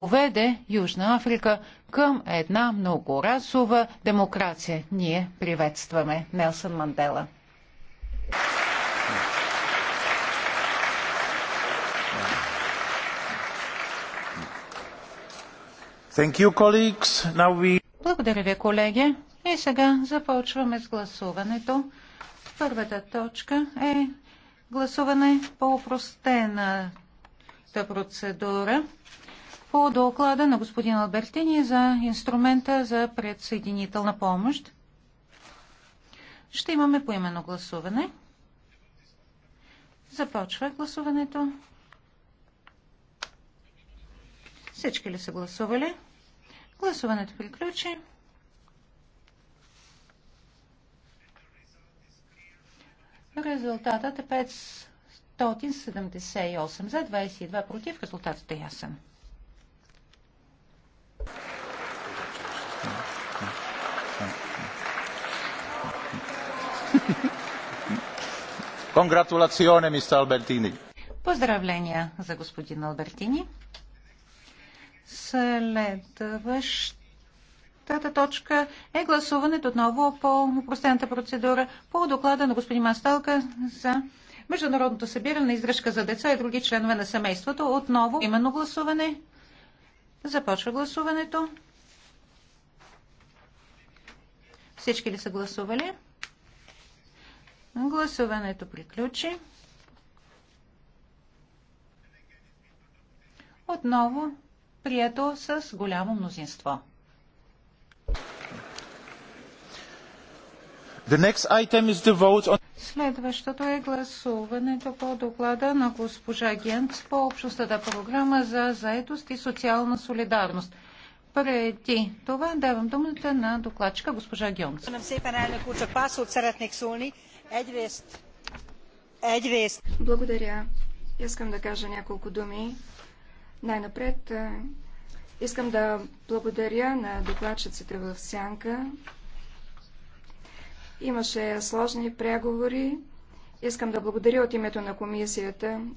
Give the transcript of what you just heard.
поведе Южна Африка към една многорасова демокрация. Ние приветстваме Нелсън Мандела. Thank you, colleagues. Now we... Благодаря ви, колеги. И сега започваме с гласуването. Първата точка е гласуване по упростената процедура по доклада на господин Албертини за инструмента за предсъединителна помощ. Ще имаме поименно гласуване. Започва гласуването. Всички ли са гласували? Гласуването приключи. Резултатът е 578 за 22 против. Резултатът е ясен. Албертини. Поздравления за господин Албертини. Следващата точка е гласуването отново по упростената процедура по доклада на господин Масталка за Международното събиране на издръжка за деца и други членове на семейството. Отново именно гласуване. Започва гласуването. Всички ли са гласували? Гласуването приключи. Отново прието с голямо мнозинство. The next item is the vote on... Следващото е гласуването по доклада на госпожа Генц по общостата програма за заедост и социална солидарност. Преди това давам думата на докладчика госпожа Гьонс. Благодаря. Искам да кажа няколко думи. Най-напред е, искам да благодаря на докладчиците в Сянка. Имаше сложни преговори. Искам да благодаря от името на комисията